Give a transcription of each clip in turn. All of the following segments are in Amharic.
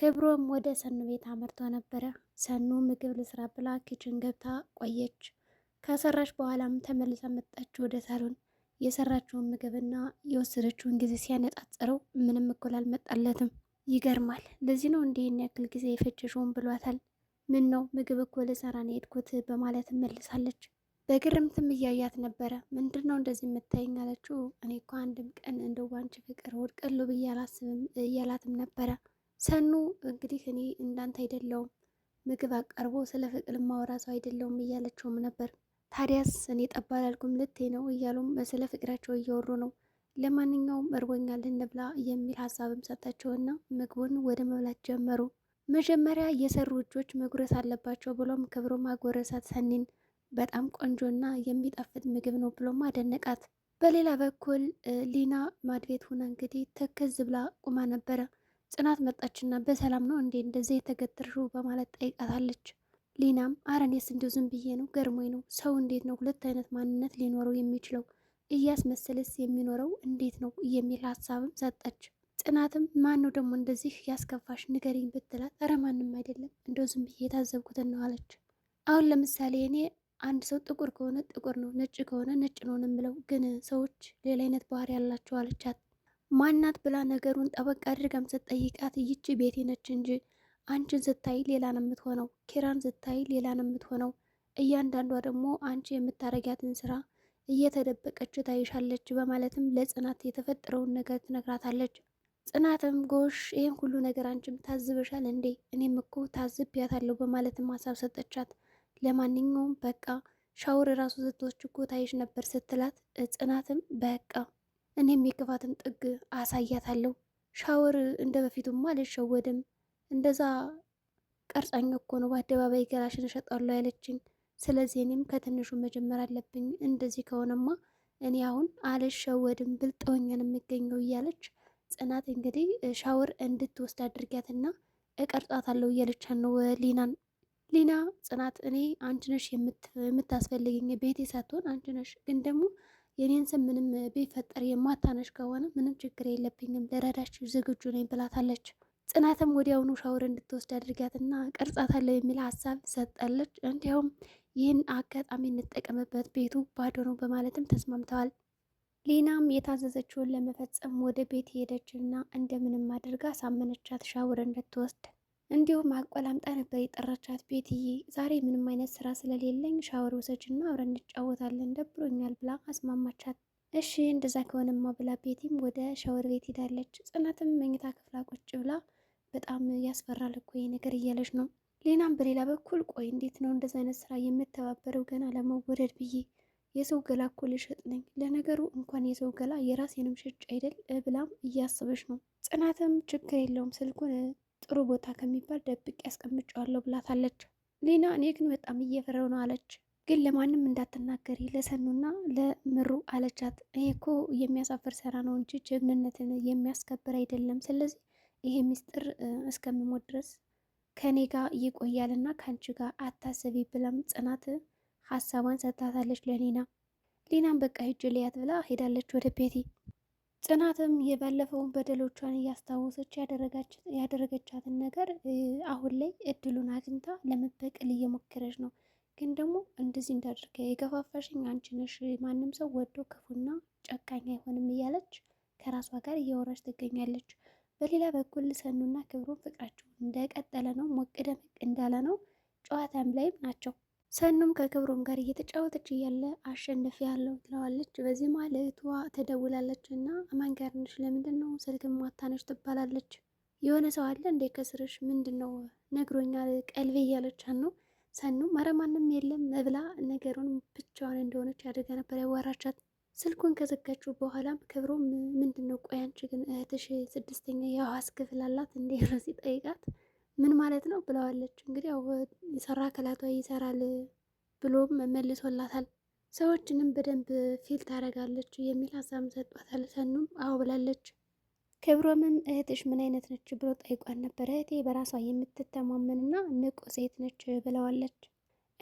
ክብሮም ወደ ሰኑ ቤት አመርቶ ነበረ። ሰኑ ምግብ ልስራ ብላ ኪችን ገብታ ቆየች። ከሰራች በኋላም ተመልሳ መጣች ወደ ሳሎን። የሰራችውን ምግብና የወሰደችውን ጊዜ ሲያነጻጽረው ምንም እኩል አልመጣለትም። ይገርማል። ለዚህ ነው እንዲህ ያክል ጊዜ የፈጀሽውን ብሏታል። ምን ነው ምግብ እኮ ልሰራ ነው የሄድኩት በማለት መልሳለች። በግርምትም እያያት ነበረ። ምንድን ነው እንደዚህ የምታይኝ አለችው። እኔ እኮ አንድም ቀን እንደው ባንቺ ፍቅር ወድቀሉ ብዬ አላስብም እያላትም ነበረ ሰኑ እንግዲህ እኔ እንዳንተ አይደለውም ምግብ አቀርቦ ስለ ፍቅር ማወራ ሰው አይደለውም እያለችውም ነበር። ታዲያስ እኔ ጠባ አላልኩም ልቴ ነው እያሉም ስለ ፍቅራቸው እያወሩ ነው። ለማንኛውም እርቦኛል እንብላ የሚል ሀሳብም ሰጣቸውና ምግቡን ወደ መብላት ጀመሩ። መጀመሪያ የሰሩ እጆች መጉረስ አለባቸው ብሎም ክብሮ ማጎረሳት ሰኒን። በጣም ቆንጆና የሚጣፍጥ ምግብ ነው ብሎም አደነቃት። በሌላ በኩል ሊና ማድቤት ሁና እንግዲህ ተከዝ ብላ ቁማ ነበረ። ጽናት መጣችና በሰላም ነው እንዴ እንደዚህ የተገተርሽው በማለት ጠይቃታለች። ሊናም አረኔስ እንዲሁ ዝም ብዬ ነው ገርሞኝ ነው። ሰው እንዴት ነው ሁለት አይነት ማንነት ሊኖረው የሚችለው እያስመሰለስ የሚኖረው እንዴት ነው የሚል ሀሳብም ሰጠች። ጽናትም ማን ነው ደግሞ እንደዚህ ያስከፋሽ ንገሪኝ ብትላት፣ ኧረ ማንም አይደለም እንደው ዝም ብዬ የታዘብኩትን ነው አለች። አሁን ለምሳሌ እኔ አንድ ሰው ጥቁር ከሆነ ጥቁር ነው፣ ነጭ ከሆነ ነጭ ነው የምለው፣ ግን ሰዎች ሌላ አይነት ባህሪ ያላቸው አለቻት። ማናት ብላ ነገሩን ጠበቅ አድርጋም ስትጠይቃት ይቺ ቤቴ ነች እንጂ አንቺን ስታይ ሌላ ነው የምትሆነው፣ ኪራን ስታይ ሌላ ነው የምትሆነው። እያንዳንዷ ደግሞ አንቺ የምታረጊያትን ስራ እየተደበቀች ታይሻለች በማለትም ለጽናት የተፈጠረውን ነገር ትነግራታለች። ጽናትም ጎሽ ይህን ሁሉ ነገር አንቺም ታዝበሻል እንዴ? እኔም እኮ ታዝቢያታለሁ በማለትም ሀሳብ ሰጠቻት። ለማንኛውም በቃ ሻወር ራሱ ስትወስድ እኮ ታይሽ ነበር ስትላት ጽናትም በቃ እኔም የክፋትን ጥግ አሳያታለሁ። ሻወር እንደ በፊቱም አልሸወድም። እንደዛ ቀርጻኝ እኮ ነው በአደባባይ ገላሽን እሸጣለሁ ያለችኝ። ስለዚህ እኔም ከትንሹ መጀመር አለብኝ። እንደዚህ ከሆነማ እኔ አሁን አልሸወድም፣ ብልጥ ሆኜ ነው የሚገኘው እያለች ጽናት እንግዲህ ሻወር እንድትወስድ አድርጊያትና እቀርጻታለሁ እያለቻን ነው ሊናን። ሊና ጽናት እኔ አንቺ ነሽ የምታስፈልግኝ ቤቴ ሳትሆን አንቺ ነሽ ግን ደግሞ የኔን ስም ምንም ቢፈጠር የማታነሽ ከሆነ ምንም ችግር የለብኝም ለረዳች ዝግጁ ነኝ ብላታለች። ጽናትም ወዲያውኑ ሻወር እንድትወስድ አድርጋትና ቀርጻታለሁ የሚል ሀሳብ ሰጠለች። እንዲያውም ይህን አጋጣሚ እንጠቀምበት ቤቱ ባዶ ነው በማለትም ተስማምተዋል። ሊናም የታዘዘችውን ለመፈጸም ወደ ቤት ሄደችና እንደምንም አድርጋ ሳመነቻት ሻወር እንድትወስድ እንዲሁም አቆላምጣ ነበር የጠራቻት ቤትዬ ዛሬ ምንም አይነት ስራ ስለሌለኝ ሻወር ወሰጅና አብረን እንጫወታለን ደብሮኛል ብላ አስማማቻት። እሺ እንደዛ ከሆነማ ብላ ቤቲም ወደ ሻወር ቤት ሄዳለች። ጽናትም መኝታ ክፍላ ቁጭ ብላ በጣም ያስፈራል እኮ ይሄ ነገር እያለች ነው። ሌናም በሌላ በኩል ቆይ እንዴት ነው እንደዚ አይነት ስራ የምተባበረው ገና ለመወደድ ብዬ የሰው ገላ እኮ ልሸጥ ነኝ። ለነገሩ እንኳን የሰው ገላ የራሴንም ሽጭ አይደል ብላም እያሰበች ነው። ጽናትም ችግር የለውም ስልኩን ጥሩ ቦታ ከሚባል ደብቄ ያስቀምጨዋለሁ ብላታለች። ሊና እኔ ግን በጣም እየፈረው ነው አለች። ግን ለማንም እንዳትናገሪ ለሰኑና ለምሩ አለቻት። ይሄ እኮ የሚያሳፍር ስራ ነው እንጂ ጀግንነትን የሚያስከብር አይደለም። ስለዚህ ይሄ ሚስጥር እስከምሞት ድረስ ከኔ ጋር ይቆያልና ከአንቺ ጋር አታሰቢ ብላም ጽናት ሀሳቧን ሰጥታታለች ለሌና። ሊናም በቃ ሂጅ ልያት ብላ ሄዳለች ወደ ቤቴ። ጽናትም የባለፈውን በደሎቿን እያስታወሰች ያደረገቻትን ነገር አሁን ላይ እድሉን አግኝታ ለመበቀል እየሞከረች ነው። ግን ደግሞ እንደዚህ እንዳደርገ የገፋፋሽኝ አንቺ ነሽ፣ ማንም ሰው ወዶ ክፉና ጨካኝ አይሆንም እያለች ከራሷ ጋር እያወራች ትገኛለች። በሌላ በኩል ሰኑና ክብሮ ፍቅራቸው እንደቀጠለ ነው። ሞቅ ደመቅ እንዳለ ነው። ጨዋታም ላይም ናቸው። ሰኑም ከክብሮም ጋር እየተጫወተች እያለ አሸንፍ ያለው ትለዋለች። በዚህ መሀል ተደውላለች እና ማን ጋር ነሽ? ለምንድን ነው ስልክ ማታነሽ? ትባላለች። የሆነ ሰው አለ እንዴ ከስርሽ? ምንድን ነው ነግሮኛል ቀልቤ እያለች ነው። ሰኑም ኧረ ማንም የለም መብላ ነገሩን ብቻዋን እንደሆነች አድርጋ ነበር ያዋራቻት። ስልኩን ከዘጋችው በኋላም ክብሮም ምንድን ነው ቆይ አንቺ ግን እህትሽ ስድስተኛ የዋስ ክፍል አላት እንዴ? ሲጠይቃት ምን ማለት ነው ብለዋለች። እንግዲህ ያው የሰራ ከላቷ ይሰራል ብሎም መልሶላታል። ሰዎችንም በደንብ ፊል ታደርጋለች የሚል ሀሳብ ሰጧታል። ሰኑም አዎ ብላለች። ክብሮምም እህትሽ ምን አይነት ነች ብሎ ጠይቋን ነበረ። እህቴ በራሷ የምትተማመንና ንቁ ሴት ነች ብለዋለች።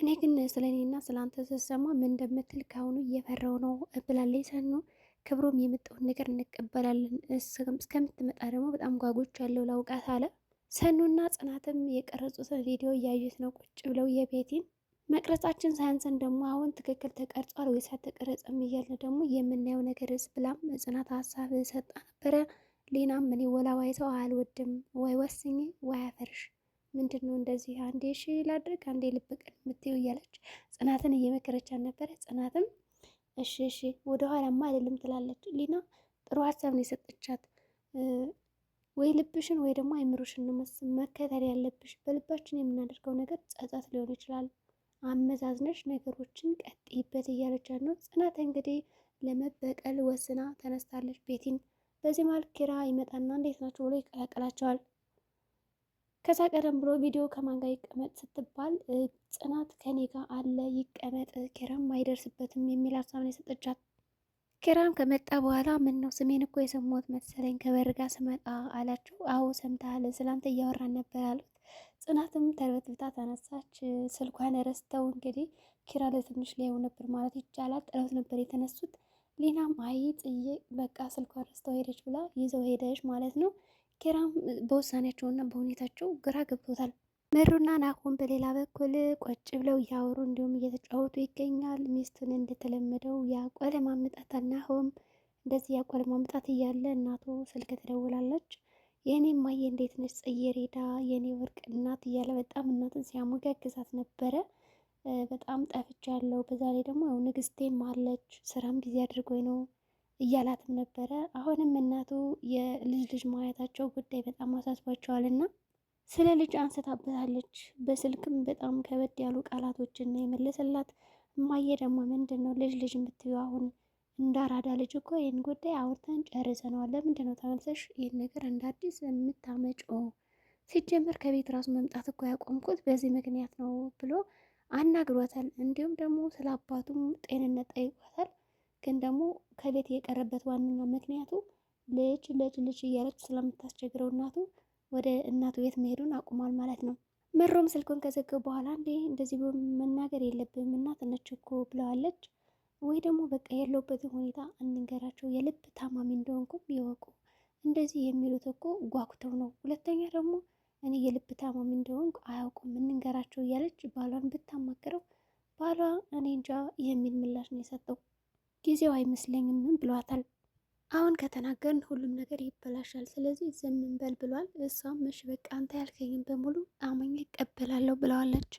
እኔ ግን ስለ እኔና ስለ አንተ ስሰማ ምን እንደምትል ከአሁኑ እየፈራው ነው ብላለች ሰኑ። ክብሮም የመጣውን ነገር እንቀበላለን እስከምትመጣ ደግሞ በጣም ጓጎች ያለው ላውቃት አለ። ሰኑና ጽናትም የቀረጹትን ቪዲዮ እያዩት ነው ቁጭ ብለው የቤቲን መቅረጻችን ሳያንሰን ደግሞ አሁን ትክክል ተቀርጿል ወይስ አልተቀረጸም እያልን ደግሞ የምናየው ነገርስ ብላም ጽናት ሀሳብ ሰጣ ነበረ። ሌናም እኔ ወላዋይ ሰው አልወድም፣ ወይ ወስኝ ወይ አፈርሽ ምንድን ነው እንደዚህ አንዴ ሺ ላድርግ አንዴ ልብቅል የምትይው እያለች ጽናትን እየመከረቻ ነበረ። ጽናትም እሺ እሺ ወደኋላማ አይደለም ትላለች። ሊና ጥሩ ሀሳብ ነው የሰጠቻት። ወይ ልብሽን ወይ ደግሞ አይምሮሽን ነው መከተል ያለብሽ። በልባችን የምናደርገው ነገር ጸጸት ሊሆን ይችላል። አመዛዝነሽ ነገሮችን ቀጥይበት እያለች ነው ጽናት። እንግዲህ ለመበቀል ወስና ተነስታለች ቤቲን። በዚህ መሃል ኪራ ይመጣና እንዴት ናቸው ብሎ ይቀላቀላቸዋል። ከዛ ቀደም ብሎ ቪዲዮ ከማን ጋር ይቀመጥ ስትባል ጽናት ከኔ ጋር አለ ይቀመጥ፣ ኪራም አይደርስበትም የሚል ሀሳብ ነው የሰጠቻት። ኪራም ከመጣ በኋላ ምን ነው ስሜን እኮ የሰሞት መሰለኝ ከበርጋ ስመጣ አላችሁ። አዎ ሰምተሃል፣ ስላንተ እያወራን ነበር አሉት። ጽናትም ተርበትብታ ተነሳች። ስልኳን ረስተው እንግዲህ ኪራ ለትንሽ ሊያዩ ነበር ማለት ይቻላል። ጥለውት ነበር የተነሱት። ሊናም አይ ጥዬ በቃ ስልኳን ረስተው ሄደች ብላ ይዘው ሄደች ማለት ነው። ኪራም በውሳኔያቸውና በሁኔታቸው ግራ ገብቶታል። ምሩና ናሆም በሌላ በኩል ቆጭ ብለው እያወሩ እንዲሁም እየተጫወቱ ይገኛል። ሚስቱን እንደተለመደው ማምጣት ናሆም እንደዚህ ማምጣት እያለ እናቱ ስልክ ትደውላለች። የእኔ ማየ እንዴት ነች ጽጌሬዳ፣ የእኔ ወርቅ እናት እያለ በጣም እናትን ሲያሞጋግዛት ነበረ። በጣም ያለው በዛ ላይ ደግሞ ያው ንግስቴም አለች ስራም ጊዜ አድርጎኝ ነው እያላትም ነበረ። አሁንም እናቱ የልጅ ልጅ ማየታቸው ጉዳይ በጣም አሳስቧቸዋልና ስለ ልጅ አንስታበታለች። በስልክም በጣም ከበድ ያሉ ቃላቶችን የመለሰላት። እማዬ ደግሞ ምንድን ነው ልጅ ልጅ የምትዩ አሁን እንዳራዳ ልጅ እኮ ይህን ጉዳይ አውርተን ጨርሰነዋል። ለምንድን ነው ተመልሰሽ ይህን ነገር እንደ አዲስ የምታመጪው? ሲጀመር ከቤት ራሱ መምጣት እኮ ያቆምኩት በዚህ ምክንያት ነው ብሎ አናግሯታል። እንዲሁም ደግሞ ስለ አባቱም ጤንነት ጠይቋታል። ግን ደግሞ ከቤት የቀረበት ዋነኛ ምክንያቱ ልጅ ልጅ ልጅ እያለች ስለምታስቸግረው እናቱ ወደ እናቱ ቤት መሄዱን አቁሟል ማለት ነው። መሮም ስልኩን ከዘገቡ በኋላ እንዴ እንደዚህ መናገር የለብም እናት ነች እኮ ብለዋለች። ወይ ደግሞ በቃ ያለሁበትን ሁኔታ እንንገራቸው፣ የልብ ታማሚ እንደሆንኩም ይወቁ። እንደዚህ የሚሉት እኮ ጓጉተው ነው። ሁለተኛ ደግሞ እኔ የልብ ታማሚ እንደሆንኩ አያውቁም፣ እንንገራቸው እያለች ባሏን ብታማክረው ባሏ እኔ እንጃ የሚል ምላሽ ነው የሰጠው። ጊዜው አይመስለኝም ብለዋታል። አሁን ከተናገርን ሁሉም ነገር ይበላሻል፣ ስለዚህ ዝም እንበል ብሏል። እሷም እሺ በቃ አንተ ያልከኝን በሙሉ አማኝ ይቀበላለሁ ብለዋለች።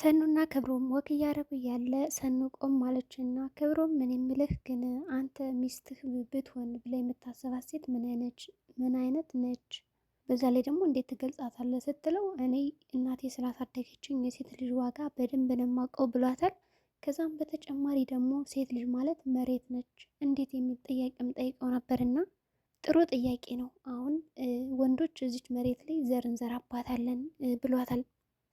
ሰኑና ክብሮም ወክ እያረጉ እያለ ሰኑ ቆም ማለች እና ክብሮም ምን የምልህ ግን አንተ ሚስትህ ብትሆን ብለ የምታሰባት ሴት ምን አይነት ነች? በዛ ላይ ደግሞ እንዴት ትገልጻታለህ ስትለው እኔ እናቴ ስላሳደገችኝ የሴት ልጅ ዋጋ በደንብ ነው የማውቀው ብሏታል። ከዛም በተጨማሪ ደግሞ ሴት ልጅ ማለት መሬት ነች እንዴት የሚል ጥያቄም ጠይቀው ነበርና ጥሩ ጥያቄ ነው። አሁን ወንዶች እዚች መሬት ላይ ዘር እንዘራባታለን ብሏታል።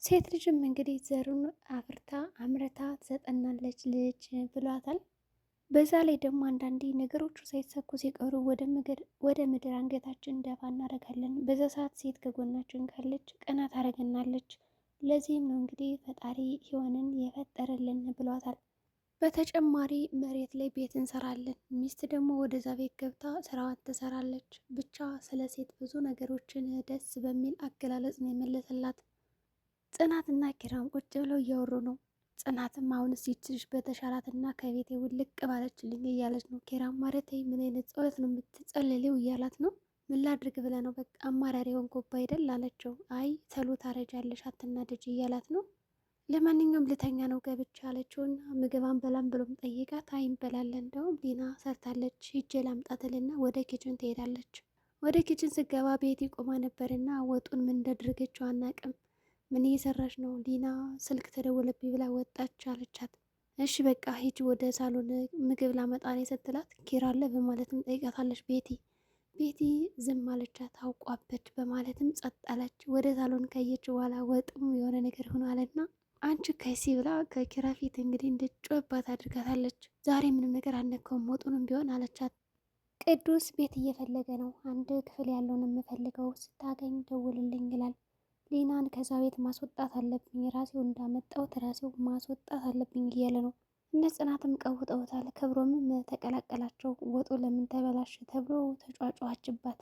ሴት ልጅም እንግዲህ ዘሩን አፍርታ አምረታ ትሰጠናለች ልጅ ብሏታል። በዛ ላይ ደግሞ አንዳንዴ ነገሮቹ ሳይሰኩ ሲቀሩ ወደ ምድር አንገታችን ደፋ እናደርጋለን። በዛ ሰዓት ሴት ከጎናችን ካለች ቀና ታደርገናለች። ለዚህም ነው እንግዲህ ፈጣሪ ሔዋንን የፈጠረልን ብሏታል። በተጨማሪ መሬት ላይ ቤት እንሰራለን፣ ሚስት ደግሞ ወደዛ ቤት ገብታ ስራዋን ትሰራለች። ብቻ ስለ ሴት ብዙ ነገሮችን ደስ በሚል አገላለጽ ነው የመለሰላት። ጽናትና ኪራም ቁጭ ብለው እያወሩ ነው። ጽናትም አሁንስ ይችልሽ በተሻላትና ከቤቴ ውልቅ ባለችልኝ እያለች ነው። ኪራም ማለቴ ምን አይነት ጸሎት ነው የምትጸልሌው እያላት ነው። ምን ላድርግ ብለህ ነው በቃ አማራሪ ሆንኩብህ አይደል አለችው። አይ ተሎ ታረጃለሽ አትናደጂ እያላት ነው። ለማንኛውም ልተኛ ነው ገብቼ አለችው ምግብ አንበላም ብሎም ጠይቃት አይ እንበላለን እንደውም ሊና ሰርታለች ሂጄ ላምጣትልና ወደ ኪችን ትሄዳለች። ወደ ኪችን ስገባ ቤቲ ቆማ ነበርና ወጡን ምን እንዳደረገችው አናቅም። ምን እየሰራች ነው ሊና ስልክ ተደወለብኝ ብላ ወጣች አለቻት። እሺ በቃ ሂጂ ወደ ሳሎን ምግብ ላመጣን ስትላት ኪራለ በማለትም ጠይቃታለች ቤቲ ቤቲ ዝም አለቻት ታውቋበት በማለትም ጸጥ አለች። ወደ ሳሎን ከየች በኋላ ወጥም የሆነ ነገር ሆኗልና አንቺ ከሲ ብላ ከኪራ ፊት እንግዲህ እንድጮባት አድርጋታለች። ዛሬ ምንም ነገር አነከውም ወጡንም ቢሆን አለቻት። ቅዱስ ቤት እየፈለገ ነው። አንድ ክፍል ያለውን የምፈልገው ስታገኝ ደውልልኝ ይላል። ሊናን ከዛ ቤት ማስወጣት አለብኝ ራሴው እንዳመጣው ራሴው ማስወጣት አለብኝ እያለ ነው እነ ጽናትም ቀውጠውታል። ክብሮምም ተቀላቀላቸው። ወጡ ለምን ተበላሽ ተብሎ ተጫጫዋችባት።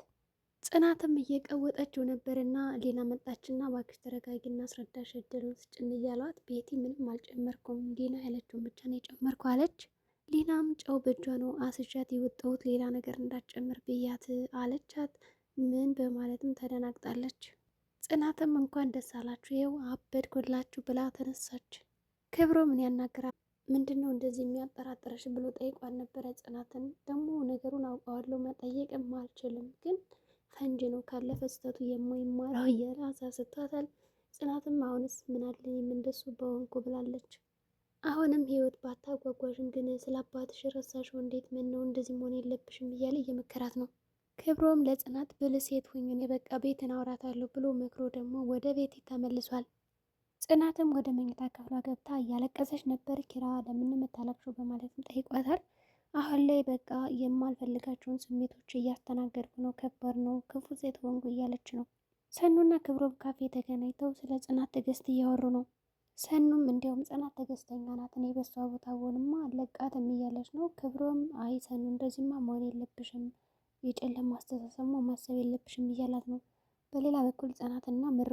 ጽናትም እየቀወጠችው ነበርና ሌላ መጣችና እባክሽ ተረጋጊና አስረዳሽ እድሉን ስጭን እያሏት ቤቲ ምንም አልጨመርኩም ሊና ያለችውን ብቻ ነው የጨመርኩ አለች። ሌላም ጨው በእጇ ነው አስዣት የወጣሁት ሌላ ነገር እንዳትጨምር ብያት አለቻት። ምን በማለትም ተደናግጣለች። ጽናትም እንኳን ደስ አላችሁ ይኸው አበድኩላችሁ ብላ ተነሳች። ክብሮ ምን ያናግራል ምንድን ነው እንደዚህ የሚያጠራጥረሽ ብሎ ጠይቋት ነበረ ጽናትን። ደግሞ ነገሩን አውቀዋለሁ መጠየቅም አልችልም፣ ግን ፈንጅ ነው ካለፈ ስህተቱ የማይማረው እያለ አሳስቷታል። ጽናትም አሁንስ ምናለ የምንደሱ በሆንኩ ብላለች። አሁንም ህይወት ባታጓጓዥም ግን ስለ አባትሽ ረሳሽው እንዴት ምን ነው እንደዚህ መሆን የለብሽም እያለ እየመከራት ነው። ክብሮም ለጽናት ብልህ ሴት ሆኜ በቃ ቤት እናውራታለሁ ብሎ መክሮ ደግሞ ወደ ቤት ተመልሷል። ጽናትም ወደ መኝታ ክፍሏ ገብታ እያለቀሰች ነበር። ኪራ ለምን የምታለቅሺው በማለትም ጠይቋታል። አሁን ላይ በቃ የማልፈልጋቸውን ስሜቶች እያስተናገድኩ ነው፣ ከባድ ነው፣ ክፉ ሴት ሆንኩ እያለች ነው። ሰኑና ክብሮም ካፌ ተገናኝተው ስለ ጽናት ትዕግስት እያወሩ ነው። ሰኑም እንዲያውም ጽናት ትዕግስተኛ ናት፣ እኔ በሷ ቦታ ብሆንማ አለቃትም እያለች ነው። ክብሮም አይ ሰኑ እንደዚህማ መሆን የለብሽም፣ የጨለማ አስተሳሰብማ ማሰብ የለብሽም እያላት ነው። በሌላ በኩል ጽናትና ምሮ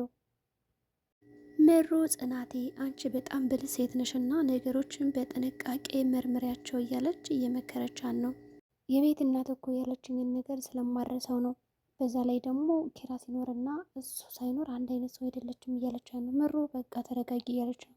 ምሩ ጽናቴ አንቺ በጣም ብልህ ሴት ነሽና ነገሮችን በጥንቃቄ መርምሪያቸው እያለች እየመከረቻን ነው። የቤት እናት እኮ ያለችኝን ነገር ስለማረሰው ነው። በዛ ላይ ደግሞ ኪራ ሲኖርና እሱ ሳይኖር አንድ አይነት ሰው አይደለችም እያለች ነው። ምሩ በቃ ተረጋጊ እያለች ነው።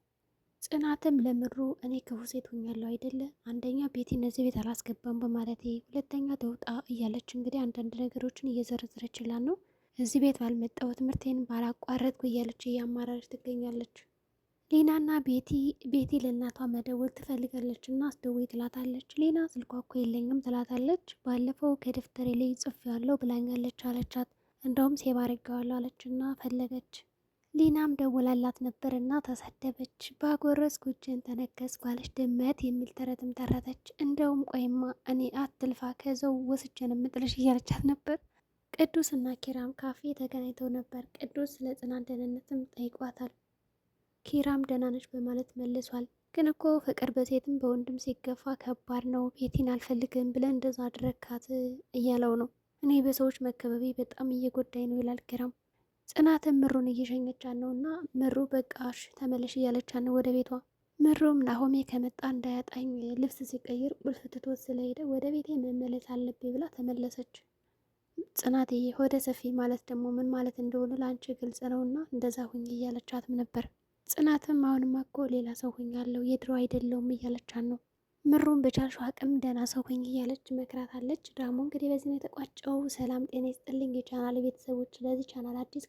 ጽናትም ለምሩ እኔ ክፉ ሴት ሆኛለሁ አይደለ? አንደኛ ቤቴ እነዚህ ቤት አላስገባም በማለቴ፣ ሁለተኛ ተውጣ እያለች እንግዲህ አንዳንድ ነገሮችን እየዘረዘረችላን ነው። እዚህ ቤት ባልመጣው ትምህርቴን ባላቋረጥኩ እያለች እያማራች ትገኛለች። ሌናና ቤቲ ቤቲ ለእናቷ መደወል ትፈልጋለች እና አስደውይ ትላታለች። ሌና ስልኳ እኮ የለኝም ትላታለች። ባለፈው ከደብተሬ ላይ ጽፌያለሁ ብላኛለች አለቻት። እንደውም ሴብ አድርጌዋለሁ አለች እና ፈለገች። ሌናም ደውላላት ነበር እና ተሳደበች። ባጎረስኩ ጉጅን ተነከስኩ አለች ድመት የሚል ተረትም ተረተች። እንደውም ቆይማ እኔ አትልፋ ከዘው ወስጀን ምጥልሽ እያለቻት ነበር ቅዱስ እና ኪራም ካፌ ተገናኝተው ነበር። ቅዱስ ስለ ጽናት ደህንነትም ጠይቋታል። ኪራም ደህና ነች በማለት መልሷል። ግን እኮ ፍቅር በሴትም በወንድም ሲገፋ ከባድ ነው። ቤቲን አልፈልግም ብለን እንደዛ አድረካት እያለው ነው። እኔ በሰዎች መከበቤ በጣም እየጎዳኝ ነው ይላል ኪራም። ጽናትም ምሩን እየሸኘቻት ነው እና ምሩ በቃሽ ተመለሽ እያለቻት ነው ወደ ቤቷ። ምሩም ናሆሜ ከመጣ እንዳያጣኝ ልብስ ሲቀይር ቁልፍ ትቶት ስለሄደ ወደ ቤቴ መመለስ አለብኝ ብላ ተመለሰች። ጽናትዬ ወደ ሰፊ ማለት ደግሞ ምን ማለት እንደሆነ ለአንቺ ግልጽ ነውና እንደዛ ሁኝ እያለቻትም ነበር። ጽናትም አሁንማ እኮ ሌላ ሰው አለው የድሮ አይደለውም እያለቻት ነው። ምሩን በቻልሽው አቅም ደህና ሰው ሁኝ እያለች መክራት አለች። ደግሞ እንግዲህ በዚህ ነው የተቋጨው። ሰላም ጤና ይስጥልኝ የቻናል ቤተሰቦች። ለዚህ ቻናል አዲስ